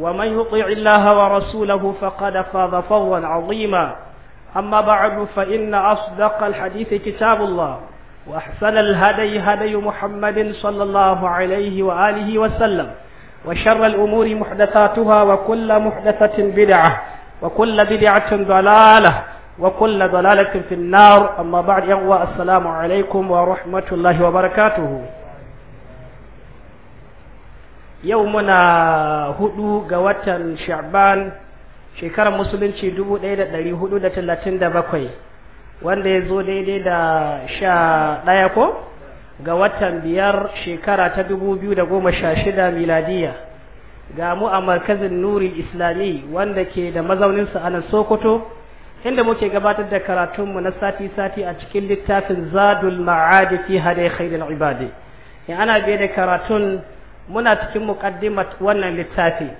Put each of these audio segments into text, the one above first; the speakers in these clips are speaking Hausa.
ومن يطع الله ورسوله فقد فاز فوزا عظيما أما بعد فإن أصدق الحديث كتاب الله وأحسن الهدي هدي محمد صلى الله عليه وآله وسلم وشر الأمور محدثاتها وكل محدثة بدعة وكل بدعة ضلالة وكل ضلالة في النار أما بعد يغوى السلام عليكم ورحمة الله وبركاته yau muna hudu ga watan sha'ban shekarar musulunci 1437 wanda ya zo daidai da sha ɗaya ko ga watan biyar shekara ta 2016 miladiya ga mu a markazin nuri islami wanda ke da mazauninsa a nan sokoto inda muke gabatar da karatunmu na sati-sati a cikin littafin zadul ma'adi fi na khairul ibadi ya ana biye da karatun muna cikin muqaddimat wannan littafi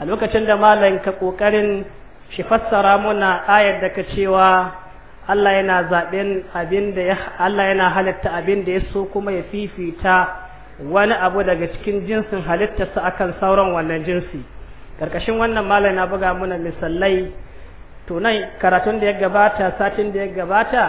a lokacin da malam ka kokarin shi fassara muna ayar da ka cewa Allah yana zaben abin da ya Allah yana halitta abin da ya so kuma ya fifita wani abu daga cikin jinsin halitta su akan sauran wannan jinsi karkashin wannan malam na buga muna misalai to nan karatun da ya gabata satin da ya gabata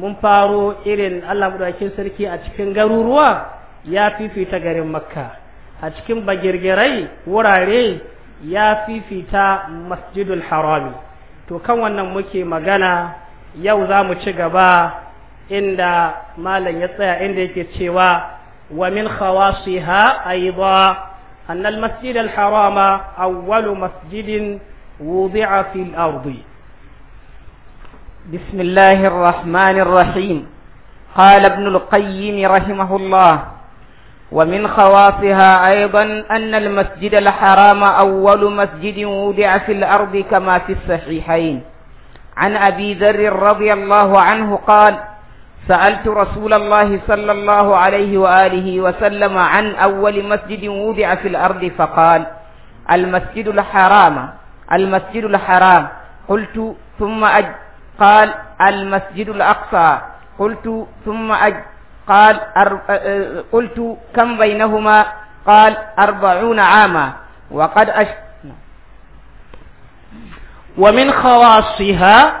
mun faro irin Allah mu sarki a cikin garuruwa ya fifita garin makka a cikin bagirgirai wurare ya fifita masjidul harami to kan wannan muke magana yau za mu ci gaba inda malam ya tsaya inda yake cewa wa min khawasiha aidha anna al masjid harama awwalu masjidin wudi'a fil ardi بسم الله الرحمن الرحيم قال ابن ومن خواصها أيضا أن المسجد الحرام أول مسجد وضع في الأرض كما في الصحيحين عن أبي ذر رضي الله عنه قال سألت رسول الله صلى الله عليه وآله وسلم عن أول مسجد وضع في الأرض فقال المسجد الحرام المسجد الحرام قلت ثم أج قال المسجد الأقصى قلت ثم أج قال قلت كم بينهما قال أربعون عاما وقد أش... ومن خواصها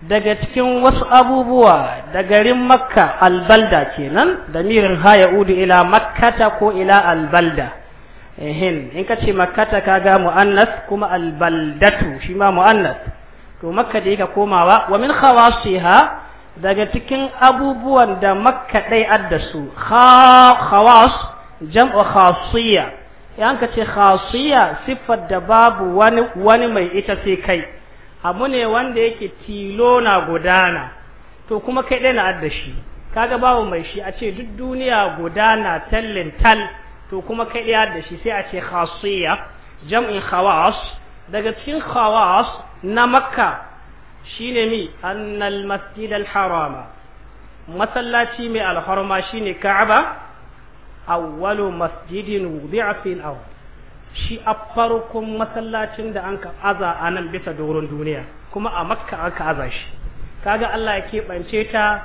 daga cikin wasu abubuwa da garin makka albalda kenan damirin ha ya udu ila makkata ko ila albalda ehin in ka ce makkata ka ga mu'annas kuma albaldatu shi ma mu'annas to komawa wa min daga cikin abubuwan da makka ɗai addasu khawas jam'u khasiyya yan ka ce khasiyya siffar da babu wani wani mai ita sai kai abu ne wanda yake tilo na gudana to kuma kai ɗai na addashi kaga babu mai shi a ce duk duniya gudana tallin tal to kuma kai ɗai addashi sai a ce khasiyya jam'in khawas daga cikin khawas na makka Shi ne mi annal masjid al harama masallaci mai alharma ne ka'aba awwalu masjidin wudi'a fil ard shi a farkon masallacin da an ka aza a nan bisa doron duniya kuma a makka aka aza shi kaga Allah ya keɓance ta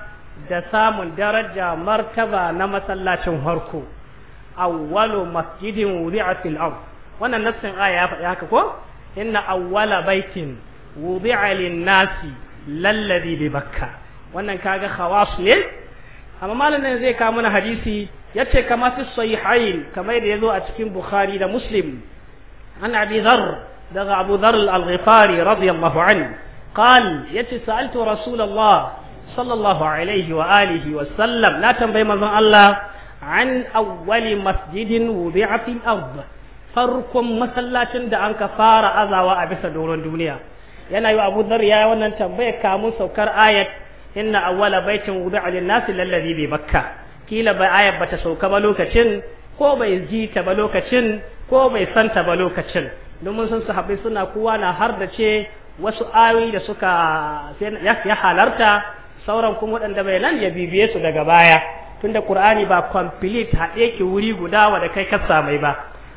da samun daraja martaba na masallacin harko awwalu masjidin wudi'a fil ard wannan nassin aya ya faɗi haka ko inna awwala baitin wudi'a lin-nasi lalladhi bi bakka wannan kaga khawas ne amma malamin zai kawo mana hadisi yace kama fi sahihain kamar da yazo a cikin bukhari da muslim an abi dhar daga abu dhar al-ghifari radiyallahu anhu قال يتي سألت رسول الله alaihi wa عليه وآله وسلم لا تنبي مزن الله عن أول مسجد وضع في الأرض farkon masallacin da an ka fara azawa a bisa doron duniya yana yi abu zar ya wannan tambaya kamun saukar ayat inna awwala baitin wudi'a lin-nasi lallazi bi bakka kila ba ayat bata sauka ba lokacin ko bai ji ta ba lokacin ko bai santa ba lokacin domin sun sahabbai suna kowa na har da ce wasu ayoyi da suka ya halarta sauran kuma waɗanda bai nan ya bibiye su daga baya tunda Qur'ani ba complete haɗe ki wuri guda wa da kai ka samai ba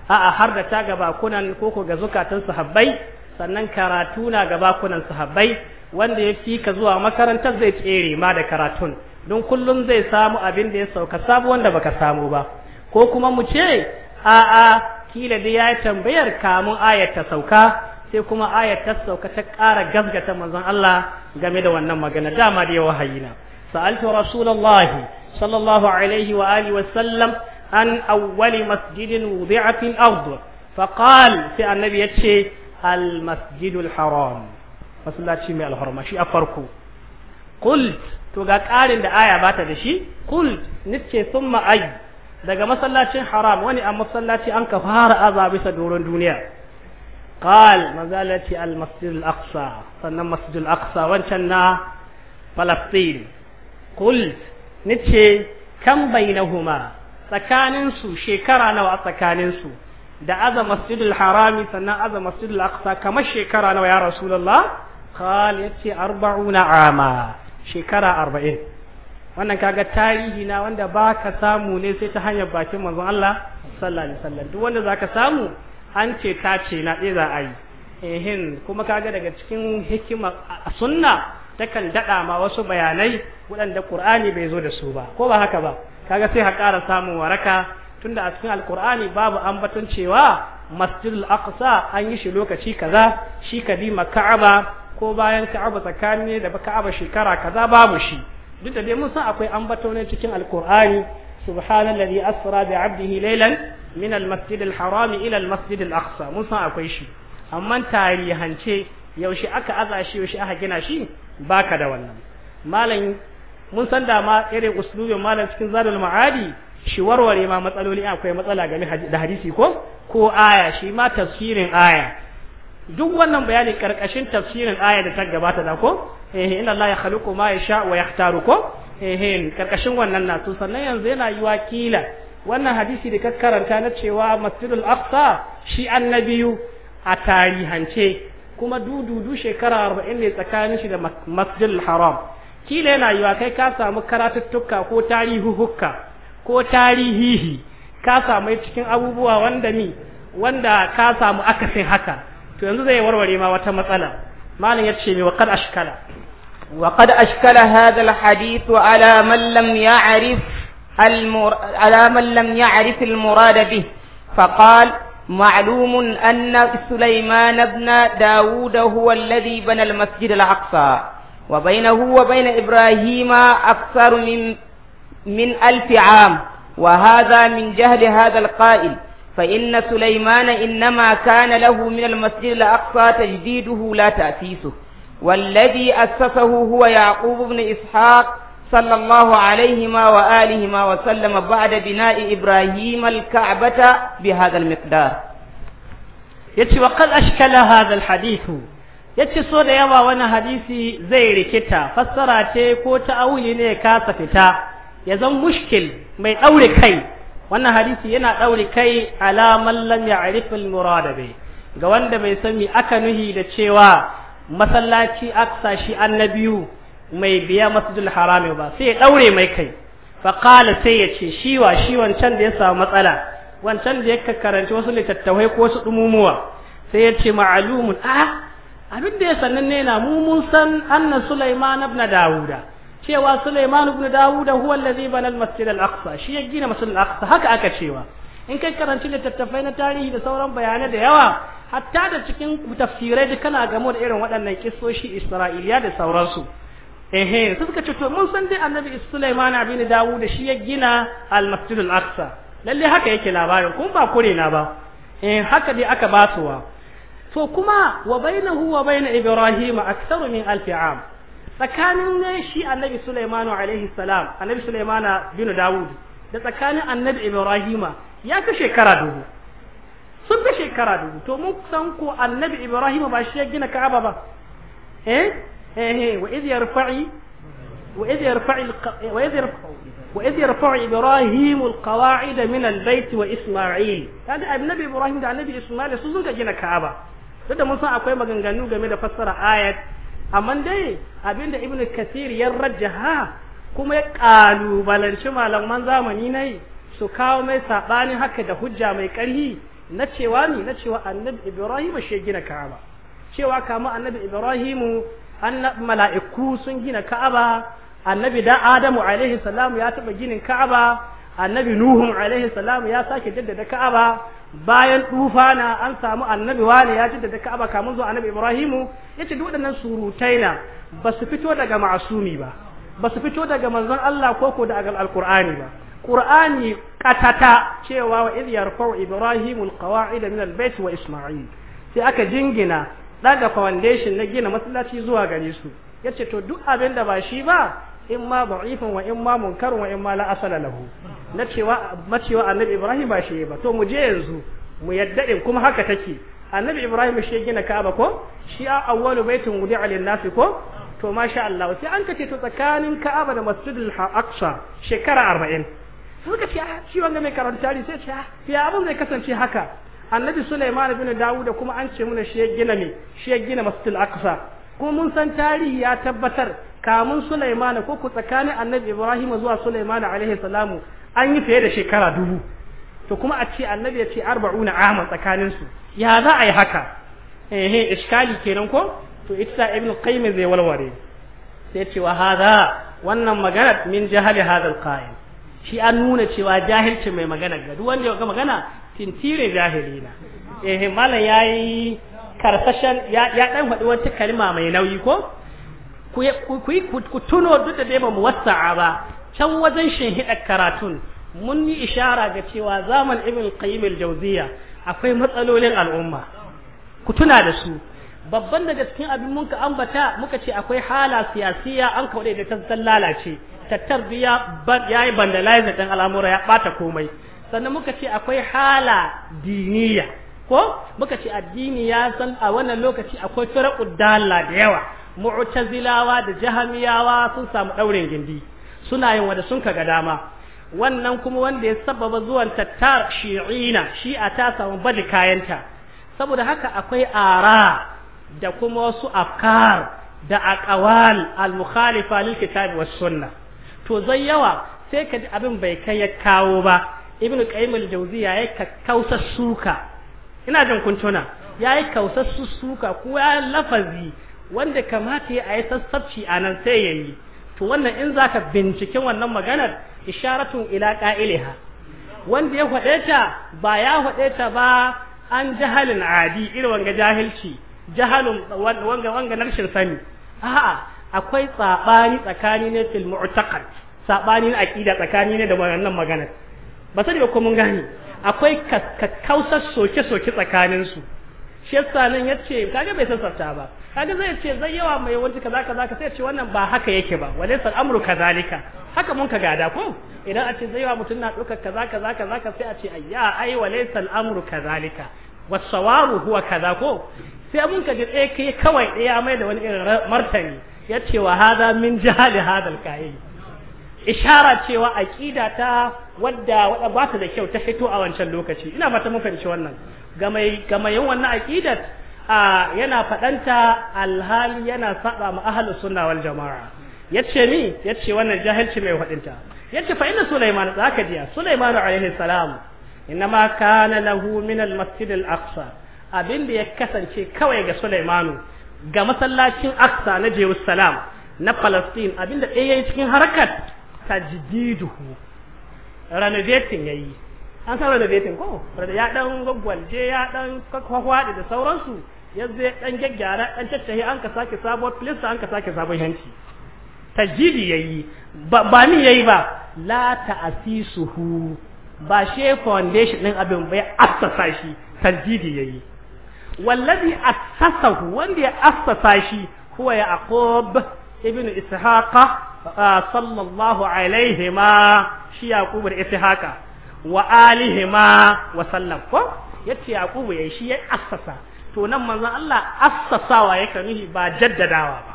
a'a har da ta gaba kunan ko ga zukatan sahabbai sannan karatu na gabakunan bakunan sahabbai wanda ya fi ka zuwa makarantar zai tsere ma da karatun don kullum zai samu abin da ya sauka sabu wanda baka samu ba ko kuma mu ce a'a kila da ya tambayar kamun ayat ta sauka sai kuma ayat ta sauka ta ƙara gasgata manzon Allah game da wannan magana dama da yawa hayina sa'altu rasulullahi sallallahu alaihi wa alihi wa sallam an awwali masjidin wudi'a fil ard sai annabi yace almasjidul haram masallaci mai alharma shi a farko kult to ga ƙarin da aya bata da shi kult nice sun ma'ai daga masallacin haram wani a masallaci an ka fara aza bisa doron duniya qal mazalati almasjidul aqsa sannan masjidul aqsa wancan na falastin kult nice kan bainahuma tsakaninsu shekara nawa a tsakaninsu da aza masjidul harami sannan aza masjidul aqsa kamar shekara nawa ya rasulullah qal yace 40 ama shekara 40 wannan kaga tarihi na wanda baka samu ne sai ta hanyar bakin manzon Allah sallallahu alaihi wasallam duk wanda zaka samu an ce ta ce na ɗaya eh za a yi ehin kuma kaga daga cikin hikima sunna takan daɗa ma wasu bayanai waɗanda Qur'ani bai zo da su ba ko ba haka ba kaga sai ha ƙara samun waraka tunda a cikin alkur'ani babu ambaton cewa masjidul aqsa an yi shi lokaci kaza shi kadima ka'aba ko bayan ka'aba tsakani da ka'aba shekara kaza babu shi duk da dai mun san akwai ambato ne cikin alkur'ani subhanallazi asra bi 'abdihi laylan min almasjid harami ila masjidin alaqsa mun san akwai shi amma tarihance yaushe aka aza shi yaushe aka gina shi baka da wannan malam mun san da ma irin uslubin malam cikin zadul ma'adi shi warware ma matsaloli akwai matsala game da hadisi ko ko aya shi ma tafsirin aya duk wannan bayanin karkashin tafsirin aya da ta gabata da ko eh inna allaha yakhluqu ma yasha wa yahtaru ko eh karkashin wannan na to sannan yanzu yana yiwa kila wannan hadisi da ka karanta na cewa masjidul aqsa shi annabiyu a tarihance kuma dududu shekara 40 ne tsakanin shi da masjidul haram kila yana yiwa kai ka samu karatuttuka ko tarihuhukka ko tarihihi ka samu cikin abubuwa wanda ni wanda ka samu akasin haka to yanzu zai warware ma wata matsala malam ya ce mi wa kad ashkala wa kad ashkala hadha al hadith ala man lam ya'rif al ala man lam ya'rif al murad bih فقال معلوم أن سليمان ابن داود هو الذي بنى المسجد الأقصى وبينه وبين إبراهيم أكثر من من ألف عام وهذا من جهل هذا القائل فإن سليمان إنما كان له من المسجد الأقصى تجديده لا تأسيسه والذي أسسه هو يعقوب بن إسحاق صلى الله عليهما وآلهما وسلم بعد بناء إبراهيم الكعبة بهذا المقدار يتي وقد أشكل هذا الحديث yace so da yawa wani hadisi zai rikita fassara ce ko ta'awuli ne kasa fita ya zan mushkil mai ɗaure kai wannan hadisi yana ɗaure kai alaman lam ya'rif al-murada bai ga wanda bai sami aka nuhi da cewa masallaci aksa shi annabiyu mai biya masjidul harami ba sai ya ɗaure mai kai faƙala sai ya ce shi wa shi wancan da ya samu matsala wancan da ya karanci wasu littattafai ko wasu ɗumumuwa sai ya ce ma'alumun a abin da ya sannan ne na mu san anna sulaiman ibn dawuda cewa Sulaiman ibn Dawud huwa allazi bana al-masjid al-aqsa shi ya gina masjid al-aqsa haka aka cewa in kai karanci littattafai na tarihi da sauran bayanai da yawa hatta da cikin tafsirai da kana gamo da irin waɗannan kissoshi Isra'iliya da sauransu ehe su suka ce to mun san dai annabi Sulaiman ibn Dawud shi ya gina al-masjid al-aqsa lalle haka yake labarin kun ba kure na ba eh haka dai aka basuwa to kuma wa bainahu wa bain ibrahim aktsaru min alfi tsakanin ne shi annabi Sulaimanu alaihi salam annabi Sulaimana bin Dawud da tsakanin annabi Ibrahima ya ka shekara dubu sun ka shekara dubu to mun san ko annabi Ibrahima ba shi ya gina Ka'aba ba eh eh, eh wa idh yarfa'i wa idh yarfa'i wa idh yarfa'u wa idh yarfa'u Ibrahim alqawa'ida min albayt wa Isma'il kada annabi Ibrahim da annabi Isma'il su sun ka gina Ka'aba duk da mun san akwai maganganu game da fassara ayat amma dai abinda ibnu Kathir ya rajaha kuma ya kalubalanci malaman zamani nai su kawo mai sabani haka da hujja mai karhi na cewa ni na cewa annabi ibrahim shi gina ka'aba cewa kama annabi ibrahim annabi mala'iku sun gina ka'aba annabi da adamu alaihi salam ya taba ginin ka'aba annabi nuhu alaihi salam ya sake jaddada ka'aba bayan tufana an samu annabi wani ya ji da Ka'aba kamun zuwa annabi Ibrahimu yace duk waɗannan surutai na ba su fito daga ma'asumi ba ba su fito daga manzon Allah ko ko daga alkur'ani ba qur'ani katata cewa wa idh yarfa'u Ibrahimu alqawa'id min albayt wa Isma'il sai aka jingina daga foundation na gina masallaci zuwa gare su yace to duk abin da ba shi ba in ma da'ifin wa in ma munkarun wa in ma la asala lahu na cewa macewa annabi ibrahim ba shi ba to mu je yanzu mu yadda din kuma haka take annabi ibrahim shi gina ka'aba ko shi a awwalu baitin wudi'a lin nasi ko to masha Allah sai an kace to tsakanin ka'aba da masjidil aqsa shekara 40 suka ce ah, shi wanda mai karanta tarihi sai ce ah, ya abin zai kasance haka annabi sulaiman bin dawud kuma an ce muna shi gina me shi gina masjidil aqsa ko mun san tarihi ya tabbatar kamun Sulaimana ko ku tsakanin Annabi Ibrahim zuwa Sulaimana alaihi salamu an yi fiye da shekara dubu to kuma a ce Annabi ya ce 40 aman tsakanin su ya za a yi haka eh iskali kenan ko to ita ibn qayyim zai walware sai ce wa hada wannan magana min jahali hadal qayyim shi an nuna cewa jahilci mai magana ga duk wanda ya ga magana tintire jahilina eh malam yayi karsashen ya dan faɗi wata kalma mai nauyi ko ku ku tuno duk da dai ba mu wasa'a ba can wajen shin hida karatun mun yi ishara ga cewa zaman ibn qayyim al-jawziya akwai matsalolin al'umma ku tuna da su babban daga cikin abin mun ka ambata muka ce akwai hala siyasiya an kaure da ta lalace tattar biya yi bandalizer ɗin al'amura ya bata komai sannan muka ce akwai hala diniya ko muka ce addini ya san a wannan lokaci akwai firaqud dalla da yawa mu'tazilawa da jahamiyawa sun samu ɗaurin gindi suna yin wanda sun kaga dama wannan kuma wanda ya sababa zuwan tattar shi'ina shi'a ta samu bada kayanta saboda haka akwai ara da kuma wasu afkar da aqwal al-mukhalifa lil kitabi was sunnah to zai yawa sai ka abin bai kai ya kawo ba ibnu qayyim al-jawziya ya kakkausa suka ina jin kun tuna yayi kausar suka ko ya lafazi wanda kamata ya yi sassabci a nan sai ya yi to wannan in za ka binciken wannan maganar isharatun ila ƙa'iliha wanda ya faɗe ta ba ya faɗe ta ba an jahalin adi irin wanga jahilci jahalun wanga wanga narshin sani a'a akwai tsabani tsakani ne fil mu'taqad tsabani na aqida tsakani ne da wannan maganar ba sai ko mun gane akwai kakkausar soke-soke tsakaninsu shi ya nan ya ce kaga bai sassafta ba kaga zai ce zai yawa mai wanci kaza kaza ka sai ce wannan ba haka yake ba walaysal amru kazalika haka mun ka gada ko idan a ce zai yawa mutum na ɗaukar kaza kaza kaza ka sai a ce ayya ai walaysal amru kazalika wasawaru huwa kaza ko sai mun ka ji ɗaya kai kawai ɗaya mai da wani irin martani ya ce wa hada min jihali hadal yi. ishara cewa aƙida ta wadda wadda ba ta da kyau ta fito a wancan lokaci ina fata mun fahimci wannan ga mai yin wannan aqidat a yana fadanta alhali yana saba ma ahlus sunna wal jamaa yace ni yace wannan jahilci mai wadinta yace fa inna sulaiman zaka jiya sulaiman alaihi salam inma kana lahu min al masjid al aqsa abin da ya kasance kawai ga sulaimanu ga masallacin aqsa na jerusalem na palestine abin da ɗaya cikin harakat tajdiduhu renovating ya yi an san renovating ko ya dan gwaggwalje ya dan kwakwaɗe da sauransu ya zai dan gyaggyara dan caccahe an ka sake sabuwar filista an ka sake sabon yanki tajidi ya yi ba ni ya yi ba la ta'asisuhu ba she foundation din abin bai assasa shi tajidi ya yi wallazi assasahu wanda ya assasa shi huwa yaqub ibn ishaqa sallallahu alaihi ma shi yaqubu da ishaqa wa alihima wa sallam ko yace yaqubu yayi shi ya assasa to nan manzon Allah assasawa yake nuhi ba jaddadawa ba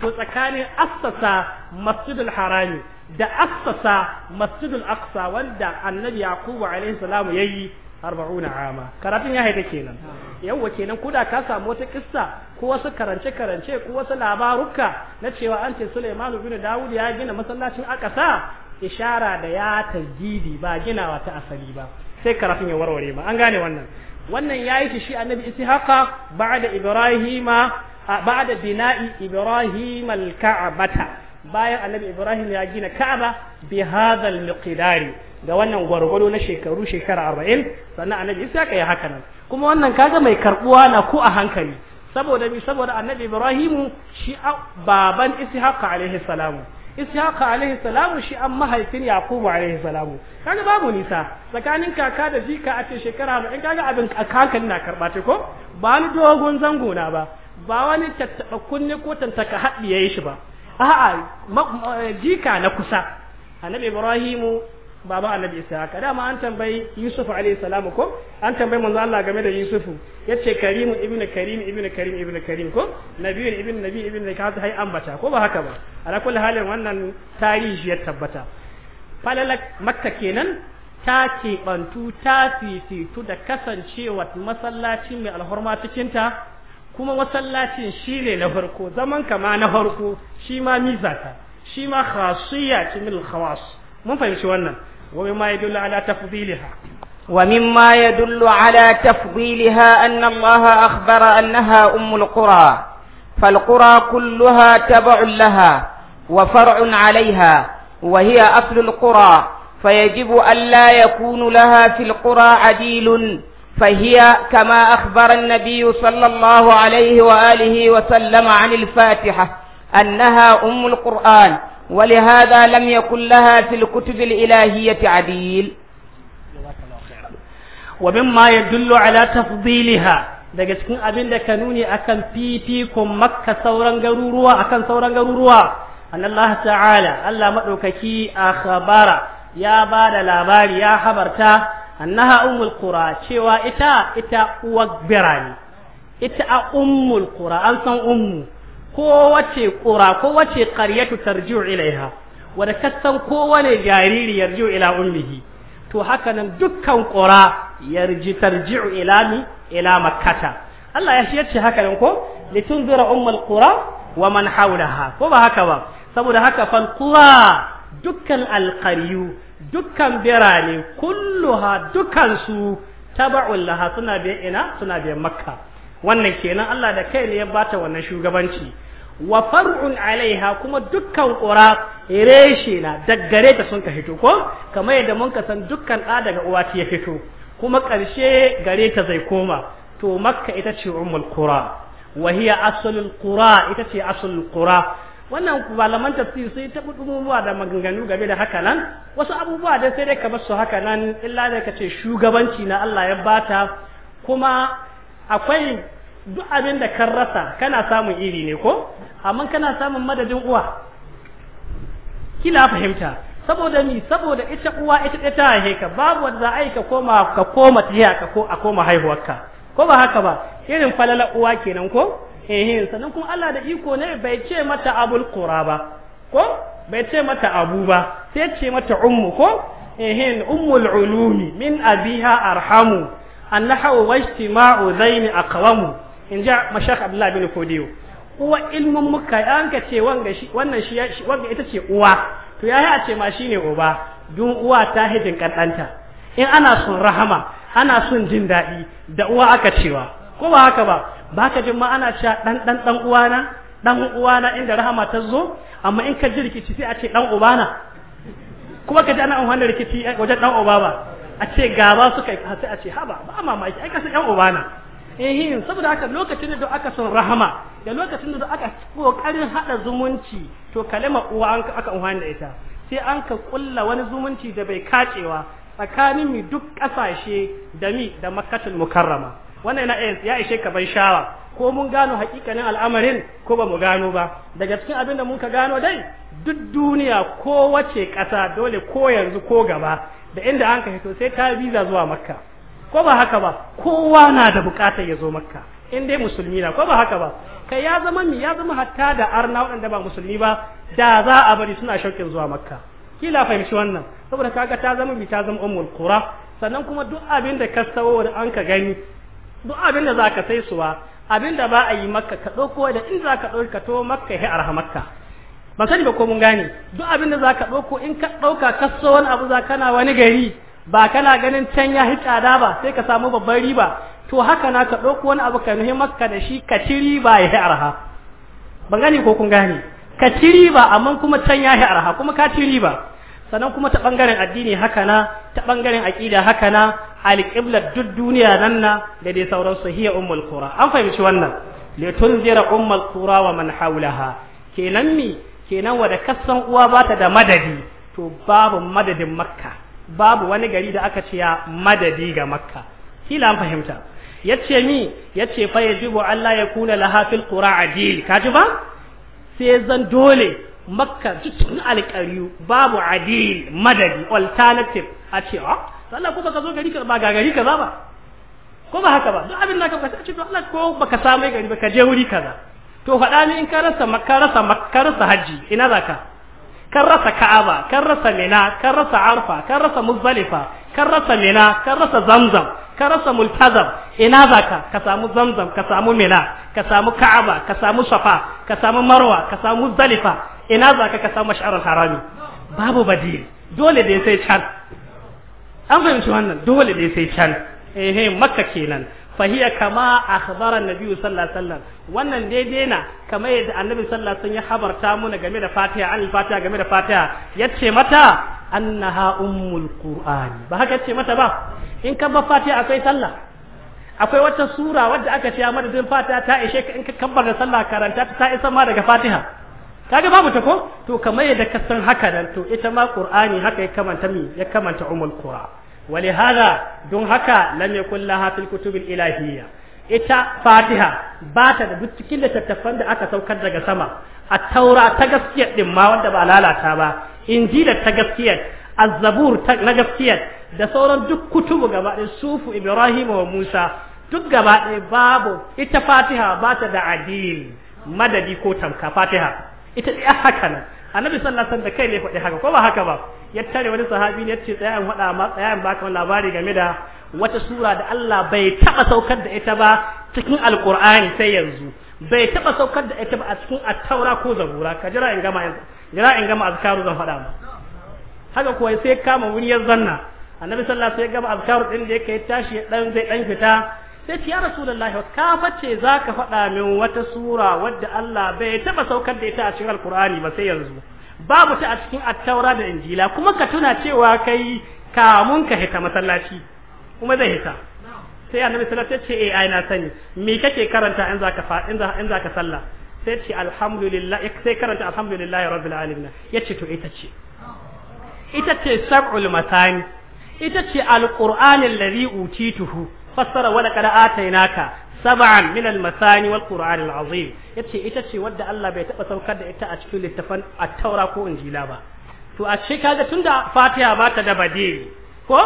to tsakanin assasa masjidul harami da assasa masjidul aqsa wanda annabi yaqubu alaihi salam yayi arba'una ama karatun ya haita kenan yawwa kenan kuda ka samu wata kissa ko wasu karance karance ko wasu labaruka na cewa an ce Sulaiman ibn Dawud ya gina masallacin Aqsa ishara da ya tasdidi ba ginawa ta asali ba sai karafin ya warware ba an gane wannan wannan yayi shi shi annabi ishaqa ba'da ibrahima ba'da bina'i ibrahima al bayan annabi ibrahim ya gina ka'aba bi hadha al da wannan gwargwado na shekaru shekara 40 sannan annabi ishaqa ya haka nan kuma wannan kaga mai karbuwa na ko a hankali saboda bi saboda annabi ibrahimu shi baban ishaqa alaihi salamu ishaqa alaihi salamu shi an mahaifin Yakubu alaihi salamu kaga babu nisa tsakanin kaka da jika a ce shekara da in kaga abin kakan na karba ce ko ba ni dogon zango na ba ba wani tattaba kunne ko tantaka haddi yayi shi ba a'a jika na kusa annabi ibrahimu baba annabi ishaqa dama an tambayi yusuf alayhi salam ko an tambayi manzo Allah game da yusuf yace karim ibnu karim ibnu karim ibnu karim ko nabiyun ibnu nabi ibnu ka ta hay ambata ko ba haka ba ala kulli halin wannan tarihi ya tabbata falalak makka kenan ta ce bantu ta fifitu da kasancewa masallaci mai alhorma cikinta kuma masallacin shi ne na farko zaman kama na farko shi ma mizata shi ma khasiyya min khawas mun fahimci wannan wa mimma yadullu ala ومما يدل على تفضيلها أن الله أخبر أنها أم القرى فالقرى كلها تبع لها وفرع عليها وهي أصل القرى فيجب ألا يكون لها في القرى عديل فهي كما أخبر النبي صلى الله عليه وآله وسلم عن الفاتحة أنها أم القرآن ولهذا لم يكن لها في الكتب الإلهية عديل ومما يدل على تفضيلها daga cikin abin da ka nuni akan fifikon makka sauran garuruwa akan sauran garuruwa an Allah ta'ala Allah maɗaukaki a khabara ya ba da labari ya habarta annaha ummul qura cewa ita ita uwar birane ita a ummul an san ummu kowace kura kowace qaryatu tarji'u ilaiha wanda kasan kowane jariri yarji'u ila ummihi to haka nan dukkan kura yarji tarji'u ila mi ila makkata Allah ya shi haka nan ko litunzira ummul qura wa man hawlaha ko ba haka ba saboda haka fal qura dukkan alqariyu dukkan birane kulluha dukkan su taba'un laha suna bi ina suna bi makka wannan kenan Allah da kai ne ya bata wannan shugabanci wa far'un alaiha kuma dukkan ƙura reshe na daggare ta sun ka fito ko kamar yadda mun ka san dukkan ɗa daga uwa ta ya fito kuma ƙarshe gare ta zai koma to makka ita ce ummul qura wa hiya aslul qura ita ce aslul qura wannan malaman tafsir sai ta budumuwa da maganganu game da haka nan wasu abubuwa da sai dai ka basu su haka nan illa da kace shugabanci na Allah ya bata kuma akwai duk abin da kan rasa kana samun iri ne ko amma kana samun madadin uwa kila fahimta saboda ni saboda ita uwa ita ita haihe ka babu wanda za a yi ka koma ka koma tiya ka ko a koma haihuwarka ko ba haka ba irin falala uwa kenan ko eh sannan kuma Allah da iko ne bai ce mata abul qura ba ko bai ce mata abu ba sai ce mata ummu ko eh ummul ulumi min abiha arhamu annahu wa istima'u zaini aqwamu in ja mashaikh abdullah bin kodiyo uwa ilmun muka an ka ce wanga shi wannan shi wanga ita ce uwa to yayi a ce ma shine uba dun uwa ta hijin kaddanta in ana son rahama ana sun jin daɗi da uwa aka cewa ko ba haka ba ba ka jin ma ana cewa dan dan dan uwana dan uwana inda rahama ta zo amma in ka ji rikici sai a ce dan na kuma ka ji ana amfani da rikici wajen dan uba ba a ce gaba suka yi sai a ce haba ba mamaki aika kasan yan ubana eh saboda haka lokacin da aka son rahama da lokacin da aka kokarin haɗa zumunci to kalmar uwa an aka amfani da ita sai an ka ƙulla wani zumunci da bai kacewa tsakanin mi duk ƙasashe da mi da makkatul mukarrama wannan yana ya ishe ka ban shawa ko mun gano hakikanin al'amarin ko ba mu gano ba daga cikin abin da mun ka gano dai duk duniya ko wace kasa dole ko yanzu ko gaba da inda an ka fito sai ka biza zuwa makka ko ba haka ba kowa na da bukatar ya zo makka in dai musulmi na ko ba haka ba kai ya zama mi ya zama hatta da arna waɗanda ba musulmi ba da za a bari suna shauƙin zuwa makka kila fahimci wannan saboda kaga ta zama mi ta zama ummul qura sannan kuma duk abin da ka sawo da an ka gani duk abin da zaka sai suwa abin da ba a yi makka ka ɗauko da in za ka ɗauka to makka ya arha makka ba sani ba ko mun gane duk abin da za ka ɗauko in ka ɗauka kaso wani abu za kana wani gari ba kana ganin can ya tsada ba sai ka samu babban riba to haka na ka ɗauko wani abu ka nuhi maka da shi ka ci riba ya yi arha ban gane ko kun gane ka ci riba amma kuma can ya yi arha kuma ka ci riba sannan kuma ta ɓangaren addini haka na ta ɓangaren aƙida haka na alƙiblar duk duniya nan na da dai sauransu hiya ummul qura an fahimci wannan litunzira ummul kura wa man hawlaha kenan mi kenan wa da kasan uwa ba ta da madadi to babu madadin makka babu wani gari da aka ce ya madadi ga makka kila an fahimta yace mi yace fa yajibu Allah ya kuna laha fil qura adil kaji ba sai zan dole makka cikin alƙariyu babu adil madadi alternative a ce a ah, Allah ko baka zo gari ka ba ga gari kaza ba ko ba haka ba duk abin da ka fasa ce to Allah ko baka samu gari ba ka je wuri kaza to faɗa ne in ka rasa makka rasa makka rasa haji ka kan rasa ka'aba kan rasa mina kan rasa arfa kan rasa muzdalifa kan rasa mina kan rasa zamzam kan rasa multazam ina zaka ka samu zamzam ka samu mina ka samu ka'aba ka samu safa ka samu marwa ka samu muzdalifa ina zaka ka samu mash'arul harami babu badil dole da sai can an fahimci wannan dole da sai can eh makka kenan fahiya kama akhbara nabi sallallahu alaihi wasallam wannan daidai na kamar yadda annabi sallallahu alaihi wasallam ya habarta muna game da fatiha an fatiha game da fatiha yace mata annaha ummul qur'an ba haka ce mata ba in ka ba fatiha akwai sallah akwai wata sura wadda aka ce madadin fatiha ta ishe in ka kambar da sallah karanta ta isa ma daga fatiha kaga babu ta ko to kamar yadda ka san haka nan to ita ma qur'ani haka ya kamanta mi ya kamanta umul qur'an ولهذا don haka لم يكن لها في kutubin الإلهية ita fatiha bata da duk cikin littattafan da aka saukar daga sama a taura ta gaskiyar ɗin ma wanda ba lalata ba injila ta gaskiyar azzabur ta na gaskiyar da sauran duk kutubu gaba ɗaya sufu ibrahim wa musa duk gabaɗaya ɗaya babu ita fatiha ba ta da adil madadi ko tamka fatiha ita ɗaya haka annabi sallallahu alaihi wasallam da kai ne faɗi haka ko ba haka ba ya tare wani sahabi ne yace tsaya in faɗa ma tsaya baka labari game da wata sura da Allah bai taba saukar da ita ba cikin alqur'ani sai yanzu bai taba saukar da ita ba a cikin at-taura ko zabura ka jira in gama yanzu jira in gama azkaru zan faɗa ma haka kuwa sai kama wuri ya zanna annabi sallallahu alaihi wasallam ya gama azkaru din da yake tashi dan zai dan fita sai ce ya rasulullahi ka bace ka faɗa min wata sura wadda Allah bai taɓa saukar da ita a cikin alkur'ani ba sai yanzu babu ta a cikin attaura da injila kuma ka tuna cewa kai kamun ka hita masallaci kuma zai hita sai annabi sallallahu alaihi wasallam ce eh ai na sani me kake karanta in zaka fa in zaka sallah sai ce alhamdulillah sai karanta alhamdulillah rabbil alamin yace to ita ce ita ce sab'ul matani ita ce alqur'anil ladhi utituhu fassara wala kada atainaka sab'an min al-masani wal qur'an al-azim yace ita ce wadda Allah bai taba saukar da ita a cikin littafan at-taura ko injila ba to a ce kaga tunda fatiha ba ta da badili ko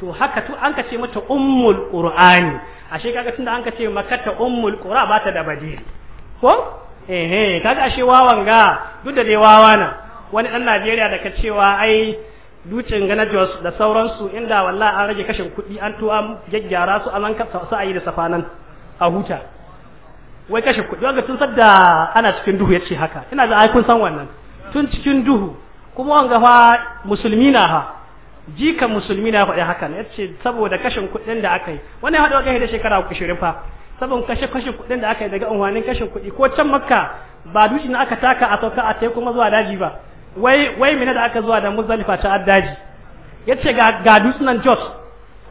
to haka to an kace mata ummul qur'ani ashe kaga tunda an kace makata ummul qura ba ta da badili ko eh eh kaga ashe wawan ga duk da dai wawa na wani dan Najeriya da ka cewa ai ducin ganajos jos da sauransu inda wallahi an rage kashin kuɗi an tuwa an gyaggyara su an kafa su a yi da safanan a huta wai kashe kuɗi wanga tun sadda ana cikin duhu ya ce haka ina da ai kun san wannan tun cikin duhu kuma wanga fa musulmi na ha jika musulmi na faɗi haka ya ce saboda kashin kuɗin da aka yi wannan ya haɗa da shekara uku shirin fa sabon kashe kashe kuɗin da aka yi daga unwanin kashin kuɗi ko can makka ba duci na aka taka a sauka a tai kuma zuwa daji ba wai wai mina da aka zuwa da muzalifa ta addaji yace ga ga dutsunan jos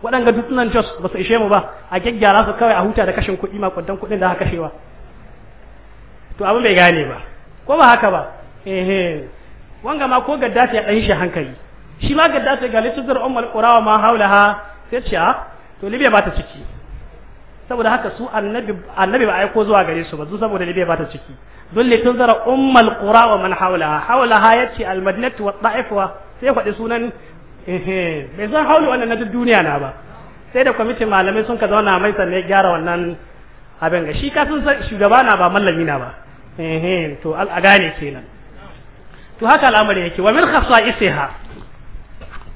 waɗanga dutsunan jos ba su ishe mu ba a gyaggyara su kawai a huta da kashin kuɗi makwantan kuɗin da aka shewa. to abin bai gane ba ko ba haka ba ehe wanga ma ko gaddafi ya ɗan shi hankali shi ma gaddafi ga litizar umar qurawa ma ha sai ce ah, to libya ba ta ciki saboda haka su annabi annabi ba aiko zuwa gare su ba su saboda libya ba ta ciki don litunzara ummal qura wa man haulaha haulaha yace al madinatu wa ta'if wa sai faɗi sunan eh bai san haulu wannan na duniya na ba sai da kwamitin malamai sun ka zauna mai sanne gyara wannan abin ga shi ka sun san shugaba na ba mallami na ba eh to al agane kenan to haka al'amari yake wa min khasa'isiha